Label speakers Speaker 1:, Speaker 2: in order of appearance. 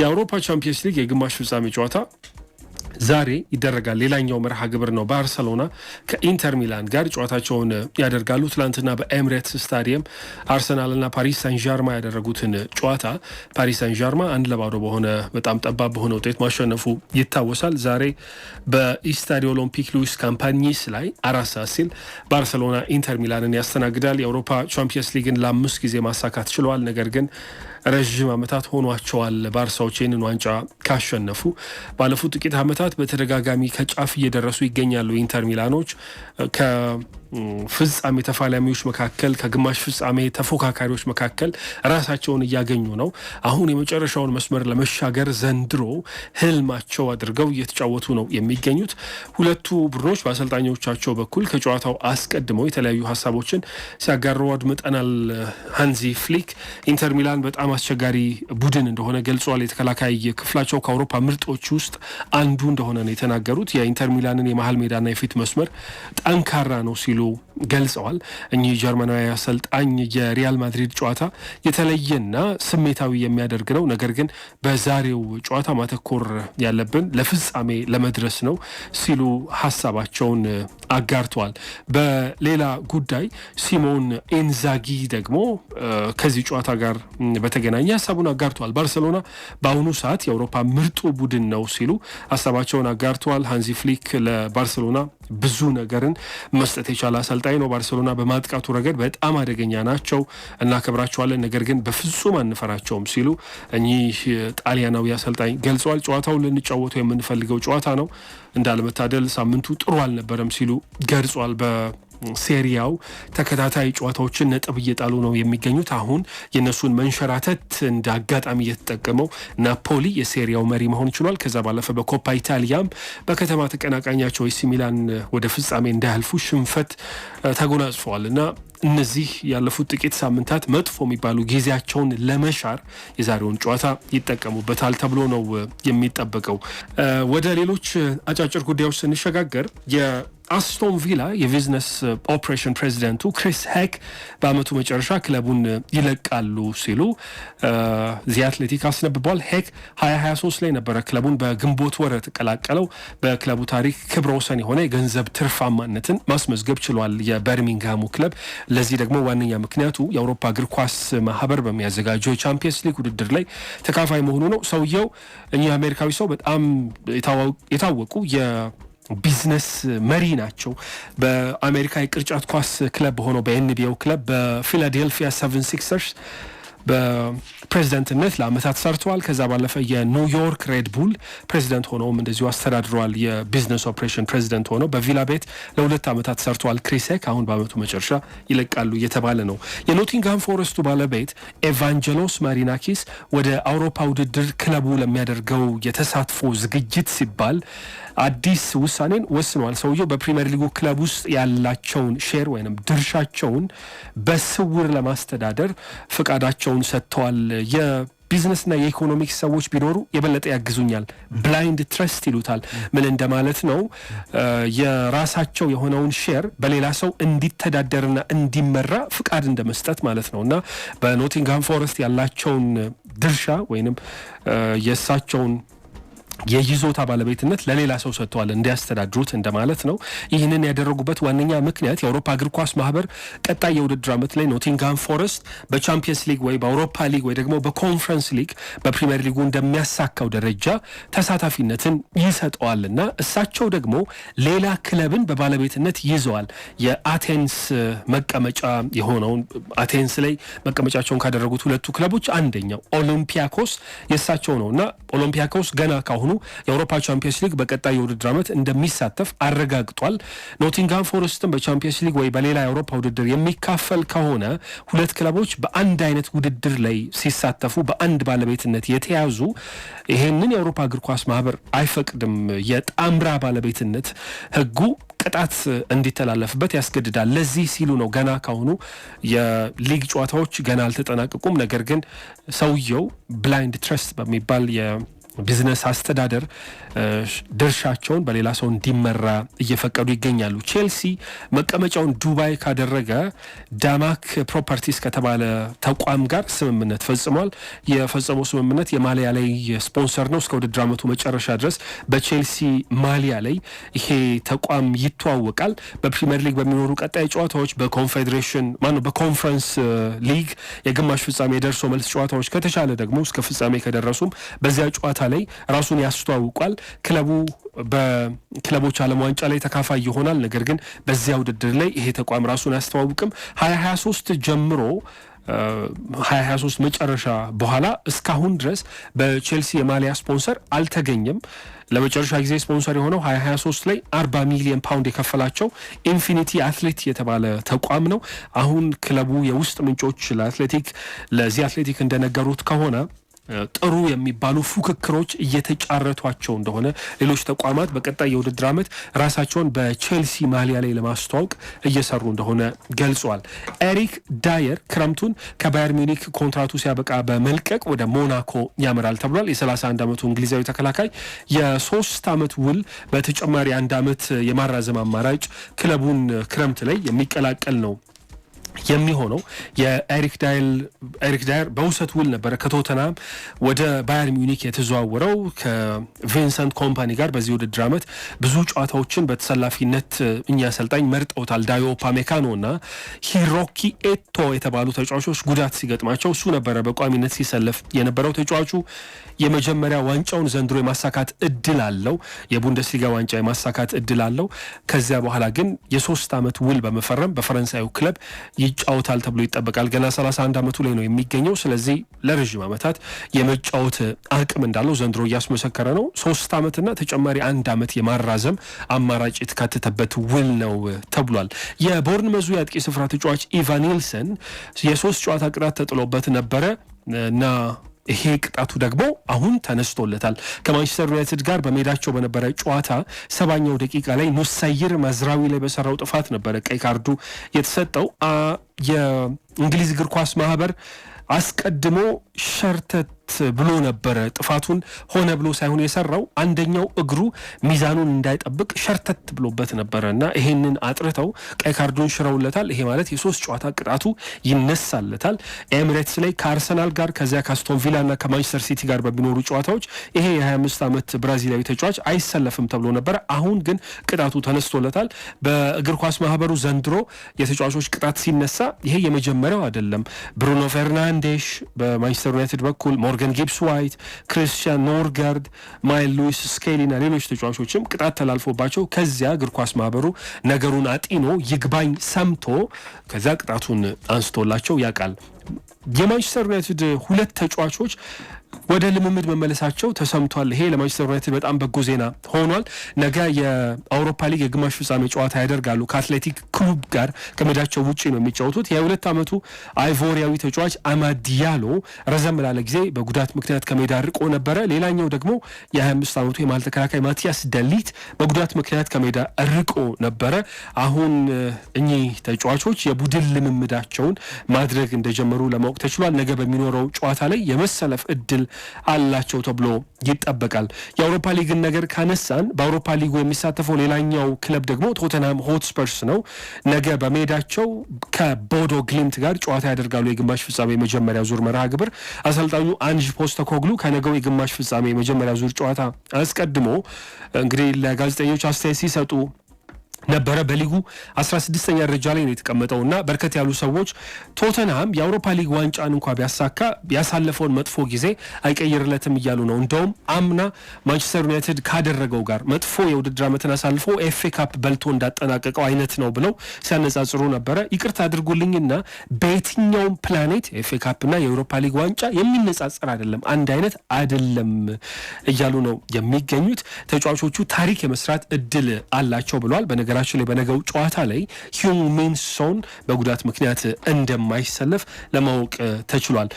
Speaker 1: የአውሮፓ ቻምፒየንስ ሊግ የግማሽ ፍጻሜ ጨዋታ ዛሬ ይደረጋል። ሌላኛው መርሃ ግብር ነው። ባርሰሎና ከኢንተር ሚላን ጋር ጨዋታቸውን ያደርጋሉ። ትላንትና በኤምሬትስ ስታዲየም አርሰናልና ፓሪስ ሳን ዣርማ ያደረጉትን ጨዋታ ፓሪስ ሳን ዣርማ አንድ ለባዶ በሆነ በጣም ጠባብ በሆነ ውጤት ማሸነፉ ይታወሳል። ዛሬ በኢስታዲ ኦሎምፒክ ሉዊስ ካምፓኒስ ላይ አራት ሰዓት ሲል ባርሰሎና ኢንተር ሚላንን ያስተናግዳል። የአውሮፓ ቻምፒየንስ ሊግን ለአምስት ጊዜ ማሳካት ችለዋል። ነገር ግን ረዥም ዓመታት ሆኗቸዋል። ባርሳዎች ይህንን ዋንጫ ካሸነፉ ባለፉት ጥቂት ዓመታት በተደጋጋሚ ከጫፍ እየደረሱ ይገኛሉ። ኢንተር ሚላኖች ከፍጻሜ ተፋላሚዎች መካከል፣ ከግማሽ ፍጻሜ ተፎካካሪዎች መካከል ራሳቸውን እያገኙ ነው። አሁን የመጨረሻውን መስመር ለመሻገር ዘንድሮ ህልማቸው አድርገው እየተጫወቱ ነው የሚገኙት። ሁለቱ ቡድኖች በአሰልጣኞቻቸው በኩል ከጨዋታው አስቀድመው የተለያዩ ሀሳቦችን ሲያጋሩ አድምጠናል። ሃንዚ ፍሊክ ኢንተር ሚላን በጣም በጣም አስቸጋሪ ቡድን እንደሆነ ገልጿል። የተከላካይ ክፍላቸው ከአውሮፓ ምርጦች ውስጥ አንዱ እንደሆነ ነው የተናገሩት። የኢንተር ሚላንን የመሀል ሜዳና የፊት መስመር ጠንካራ ነው ሲሉ ገልጸዋል። እኚህ ጀርመናዊ አሰልጣኝ የሪያል ማድሪድ ጨዋታ የተለየና ስሜታዊ የሚያደርግ ነው፣ ነገር ግን በዛሬው ጨዋታ ማተኮር ያለብን ለፍጻሜ ለመድረስ ነው ሲሉ ሀሳባቸውን አጋርተዋል። በሌላ ጉዳይ ሲሞን ኤንዛጊ ደግሞ ከዚህ ጨዋታ ጋር በተገናኘ ሀሳቡን አጋርተዋል። ባርሰሎና በአሁኑ ሰዓት የአውሮፓ ምርጡ ቡድን ነው ሲሉ ሀሳባቸውን አጋርተዋል። ሃንዚ ፍሊክ ለባርሰሎና ብዙ ነገርን መስጠት የቻለ አሰልጣኝ ነው። ባርሴሎና በማጥቃቱ ረገድ በጣም አደገኛ ናቸው፣ እናከብራቸዋለን፣ ነገር ግን በፍጹም አንፈራቸውም ሲሉ እኚህ ጣሊያናዊ አሰልጣኝ ገልጸዋል። ጨዋታውን ልንጫወተው የምንፈልገው ጨዋታ ነው፣ እንዳለመታደል ሳምንቱ ጥሩ አልነበረም ሲሉ ገልጿል። ሴሪያው ተከታታይ ጨዋታዎችን ነጥብ እየጣሉ ነው የሚገኙት። አሁን የእነሱን መንሸራተት እንደ አጋጣሚ እየተጠቀመው ናፖሊ የሴሪያው መሪ መሆን ችሏል። ከዛ ባለፈ በኮፓ ኢታሊያም በከተማ ተቀናቃኛቸው ኤሲ ሚላን ወደ ፍጻሜ እንዳያልፉ ሽንፈት ተጎናጽፈዋል እና እነዚህ ያለፉት ጥቂት ሳምንታት መጥፎ የሚባሉ ጊዜያቸውን ለመሻር የዛሬውን ጨዋታ ይጠቀሙበታል ተብሎ ነው የሚጠበቀው። ወደ ሌሎች አጫጭር ጉዳዮች ስንሸጋገር አስቶን ቪላ የቢዝነስ ኦፕሬሽን ፕሬዚደንቱ ክሪስ ሄክ በአመቱ መጨረሻ ክለቡን ይለቃሉ ሲሉ ዚ አትሌቲክ አስነብቧል። ሄክ 2023 ላይ ነበረ ክለቡን በግንቦት ወር የተቀላቀለው። በክለቡ ታሪክ ክብረ ወሰን የሆነ የገንዘብ ትርፋማነትን ማስመዝገብ ችሏል የበርሚንግሃሙ ክለብ። ለዚህ ደግሞ ዋነኛ ምክንያቱ የአውሮፓ እግር ኳስ ማህበር በሚያዘጋጀው የቻምፒየንስ ሊግ ውድድር ላይ ተካፋይ መሆኑ ነው። ሰውየው እኚህ አሜሪካዊ ሰው በጣም የታወቁ ቢዝነስ መሪ ናቸው። በአሜሪካ የቅርጫት ኳስ ክለብ ሆነው በኤንቢኤው ክለብ በፊላዴልፊያ ሰቨን ሲክሰርስ በፕሬዚደንትነት ለአመታት ሰርተዋል። ከዛ ባለፈ የኒውዮርክ ሬድቡል ፕሬዚደንት ሆነውም እንደዚሁ አስተዳድረዋል። የቢዝነስ ኦፕሬሽን ፕሬዚደንት ሆነው በቪላ ቤት ለሁለት ዓመታት ሰርተዋል። ክሪሴክ አሁን በአመቱ መጨረሻ ይለቃሉ እየተባለ ነው። የኖቲንግሃም ፎረስቱ ባለቤት ኤቫንጀሎስ ማሪናኪስ ወደ አውሮፓ ውድድር ክለቡ ለሚያደርገው የተሳትፎ ዝግጅት ሲባል አዲስ ውሳኔን ወስነዋል። ሰውየው በፕሪሚየር ሊጉ ክለብ ውስጥ ያላቸውን ሼር ወይም ድርሻቸውን በስውር ለማስተዳደር ፍቃዳቸውን ሰጥተዋል። ቢዝነስና የኢኮኖሚክ ሰዎች ቢኖሩ የበለጠ ያግዙኛል። ብላይንድ ትረስት ይሉታል። ምን እንደማለት ነው? የራሳቸው የሆነውን ሼር በሌላ ሰው እንዲተዳደርና እንዲመራ ፍቃድ እንደመስጠት ማለት ነው እና በኖቲንግሃም ፎረስት ያላቸውን ድርሻ ወይንም የእሳቸውን የይዞታ ባለቤትነት ለሌላ ሰው ሰጥተዋል እንዲያስተዳድሩት እንደማለት ነው። ይህንን ያደረጉበት ዋነኛ ምክንያት የአውሮፓ እግር ኳስ ማህበር ቀጣይ የውድድር ዓመት ላይ ኖቲንግሃም ፎረስት በቻምፒየንስ ሊግ ወይ በአውሮፓ ሊግ ወይ ደግሞ በኮንፈረንስ ሊግ በፕሪምየር ሊጉ እንደሚያሳካው ደረጃ ተሳታፊነትን ይሰጠዋል እሳቸው ደግሞ ሌላ ክለብን በባለቤትነት ይዘዋል። የአቴንስ መቀመጫ የሆነውን አቴንስ ላይ መቀመጫቸውን ካደረጉት ሁለቱ ክለቦች አንደኛው ኦሎምፒያኮስ የእሳቸው ነው እና ኦሎምፒያኮስ ገና ካሁኑ ቡድኑ የአውሮፓ ቻምፒየንስ ሊግ በቀጣይ የውድድር ዓመት እንደሚሳተፍ አረጋግጧል። ኖቲንግሃም ፎረስትን በቻምፒየንስ ሊግ ወይ በሌላ የአውሮፓ ውድድር የሚካፈል ከሆነ ሁለት ክለቦች በአንድ አይነት ውድድር ላይ ሲሳተፉ በአንድ ባለቤትነት የተያዙ ይሄንን የአውሮፓ እግር ኳስ ማህበር አይፈቅድም። የጣምራ ባለቤትነት ህጉ ቅጣት እንዲተላለፍበት ያስገድዳል። ለዚህ ሲሉ ነው ገና ካሁኑ የሊግ ጨዋታዎች ገና አልተጠናቀቁም። ነገር ግን ሰውየው ብላይንድ ትረስት በሚባል ቢዝነስ አስተዳደር ድርሻቸውን በሌላ ሰው እንዲመራ እየፈቀዱ ይገኛሉ። ቼልሲ መቀመጫውን ዱባይ ካደረገ ዳማክ ፕሮፐርቲስ ከተባለ ተቋም ጋር ስምምነት ፈጽሟል። የፈጸመው ስምምነት የማሊያ ላይ ስፖንሰር ነው። እስከ ውድድር ዓመቱ መጨረሻ ድረስ በቼልሲ ማሊያ ላይ ይሄ ተቋም ይተዋወቃል። በፕሪምየር ሊግ በሚኖሩ ቀጣይ ጨዋታዎች በኮንፌዴሬሽን ማነው በኮንፈረንስ ሊግ የግማሽ ፍጻሜ የደርሶ መልስ ጨዋታዎች ከተቻለ ደግሞ እስከ ፍጻሜ ከደረሱም በዚያ ጨዋታ ላይ ራሱን ያስተዋውቋል። ክለቡ በክለቦች ዓለም ዋንጫ ላይ ተካፋይ ይሆናል። ነገር ግን በዚያ ውድድር ላይ ይሄ ተቋም ራሱን አያስተዋውቅም። ሀያ ሀያ ሶስት ጀምሮ 2023 መጨረሻ በኋላ እስካሁን ድረስ በቼልሲ የማሊያ ስፖንሰር አልተገኘም። ለመጨረሻ ጊዜ ስፖንሰር የሆነው 2023 ላይ 40 ሚሊዮን ፓውንድ የከፈላቸው ኢንፊኒቲ አትሌት የተባለ ተቋም ነው። አሁን ክለቡ የውስጥ ምንጮች ለአትሌቲክ ለዚህ አትሌቲክ እንደነገሩት ከሆነ ጥሩ የሚባሉ ፉክክሮች እየተጫረቷቸው እንደሆነ ሌሎች ተቋማት በቀጣይ የውድድር ዓመት ራሳቸውን በቼልሲ ማሊያ ላይ ለማስተዋወቅ እየሰሩ እንደሆነ ገልጿል። ኤሪክ ዳየር ክረምቱን ከባየር ሚኒክ ኮንትራቱ ሲያበቃ በመልቀቅ ወደ ሞናኮ ያመራል ተብሏል። የ31 ዓመቱ እንግሊዛዊ ተከላካይ የሶስት ዓመት ውል በተጨማሪ አንድ ዓመት የማራዘም አማራጭ ክለቡን ክረምት ላይ የሚቀላቀል ነው የሚሆነው የኤሪክ ዳይል ኤሪክ ዳይር በውሰት ውል ነበረ ከቶተናም ወደ ባየር ሚኒክ የተዘዋወረው ከቪንሰንት ኮምፓኒ ጋር በዚህ ውድድር ዓመት ብዙ ጨዋታዎችን በተሰላፊነት እኛ አሰልጣኝ መርጠውታል። ዳዮ ፓሜካኖ እና ሂሮኪ ኤቶ የተባሉ ተጫዋቾች ጉዳት ሲገጥማቸው እሱ ነበረ በቋሚነት ሲሰለፍ የነበረው። ተጫዋቹ የመጀመሪያ ዋንጫውን ዘንድሮ የማሳካት እድል አለው፣ የቡንደስሊጋ ዋንጫ የማሳካት እድል አለው። ከዚያ በኋላ ግን የሶስት ዓመት ውል በመፈረም በፈረንሳዩ ክለብ ይጫወታል ተብሎ ይጠበቃል። ገና 31 ዓመቱ ላይ ነው የሚገኘው። ስለዚህ ለረዥም ዓመታት የመጫወት አቅም እንዳለው ዘንድሮ እያስመሰከረ ነው። ሶስት ዓመትና ተጨማሪ አንድ ዓመት የማራዘም አማራጭ የተካተተበት ውል ነው ተብሏል። የቦርን መዙ የአጥቂ ስፍራ ተጫዋች ኢቫን ኒልሰን የሶስት ጨዋታ ቅጣት ተጥሎበት ነበረ እና ይሄ ቅጣቱ ደግሞ አሁን ተነስቶለታል። ከማንቸስተር ዩናይትድ ጋር በሜዳቸው በነበረ ጨዋታ ሰባኛው ደቂቃ ላይ ኑሳይር መዝራዊ ላይ በሰራው ጥፋት ነበረ ቀይ ካርዱ የተሰጠው። የእንግሊዝ እግር ኳስ ማህበር አስቀድሞ ሸርተት ብሎ ነበረ። ጥፋቱን ሆነ ብሎ ሳይሆን የሰራው አንደኛው እግሩ ሚዛኑን እንዳይጠብቅ ሸርተት ብሎበት ነበረ እና ይሄንን አጥርተው ቀይ ካርዱን ሽረውለታል። ይሄ ማለት የሶስት ጨዋታ ቅጣቱ ይነሳለታል። ኤምሬትስ ላይ ከአርሰናል ጋር ከዚያ ከአስቶን ቪላ እና ከማንቸስተር ሲቲ ጋር በሚኖሩ ጨዋታዎች ይሄ የ25 ዓመት ብራዚላዊ ተጫዋች አይሰለፍም ተብሎ ነበረ። አሁን ግን ቅጣቱ ተነስቶለታል። በእግር ኳስ ማህበሩ ዘንድሮ የተጫዋቾች ቅጣት ሲነሳ ይሄ የመጀመሪያው አይደለም። ብሩኖ ፌርናንዴሽ በማንቸስተር ዩናይትድ በኩል ሞርገን ጊብስ ዋይት፣ ክሪስቲያን ኖርጋርድ፣ ማይል ሉዊስ ስኬሊ እና ሌሎች ተጫዋቾችም ቅጣት ተላልፎባቸው ከዚያ እግር ኳስ ማህበሩ ነገሩን አጢኖ ይግባኝ ሰምቶ ከዚያ ቅጣቱን አንስቶላቸው ያውቃል። የማንቸስተር ዩናይትድ ሁለት ተጫዋቾች ወደ ልምምድ መመለሳቸው ተሰምቷል። ይሄ ለማንቸስተር ዩናይትድ በጣም በጎ ዜና ሆኗል። ነገ የአውሮፓ ሊግ የግማሽ ፍጻሜ ጨዋታ ያደርጋሉ። ከአትሌቲክ ክሉብ ጋር ከሜዳቸው ውጭ ነው የሚጫወቱት። የሁለት ዓመቱ አይቮሪያዊ ተጫዋች አማዲያሎ ረዘም ላለ ጊዜ በጉዳት ምክንያት ከሜዳ ርቆ ነበረ። ሌላኛው ደግሞ የ25 ዓመቱ የመሃል ተከላካይ ማቲያስ ደሊት በጉዳት ምክንያት ከሜዳ ርቆ ነበረ። አሁን እኚህ ተጫዋቾች የቡድን ልምምዳቸውን ማድረግ እንደጀመሩ ለማወቅ ተችሏል። ነገ በሚኖረው ጨዋታ ላይ የመሰለፍ እድል እድል አላቸው ተብሎ ይጠበቃል። የአውሮፓ ሊግን ነገር ካነሳን በአውሮፓ ሊጉ የሚሳተፈው ሌላኛው ክለብ ደግሞ ቶተንሃም ሆትስፐርስ ነው። ነገ በሜዳቸው ከቦዶ ግሊምት ጋር ጨዋታ ያደርጋሉ። የግማሽ ፍጻሜ የመጀመሪያ ዙር መርሃ ግብር አሰልጣኙ አንጅ ፖስተኮግሉ ከነገው የግማሽ ፍጻሜ የመጀመሪያ ዙር ጨዋታ አስቀድሞ እንግዲህ ለጋዜጠኞች አስተያየት ሲሰጡ ነበረ በሊጉ 16ኛ ደረጃ ላይ ነው የተቀመጠው እና በርከት ያሉ ሰዎች ቶተንሃም የአውሮፓ ሊግ ዋንጫን እንኳ ቢያሳካ ያሳለፈውን መጥፎ ጊዜ አይቀይርለትም እያሉ ነው። እንደውም አምና ማንቸስተር ዩናይትድ ካደረገው ጋር መጥፎ የውድድር ዓመትን አሳልፎ ኤፌ ካፕ በልቶ እንዳጠናቀቀው አይነት ነው ብለው ሲያነጻጽሩ ነበረ። ይቅርታ አድርጉልኝና በየትኛውም ፕላኔት ኤፍኤ ካፕና የአውሮፓ ሊግ ዋንጫ የሚነጻጸር አይደለም፣ አንድ አይነት አይደለም እያሉ ነው የሚገኙት። ተጫዋቾቹ ታሪክ የመስራት እድል አላቸው ብለዋል። በነገራችን ላይ በነገው ጨዋታ ላይ ሶን በጉዳት ምክንያት እንደማይሰለፍ ለማወቅ ተችሏል።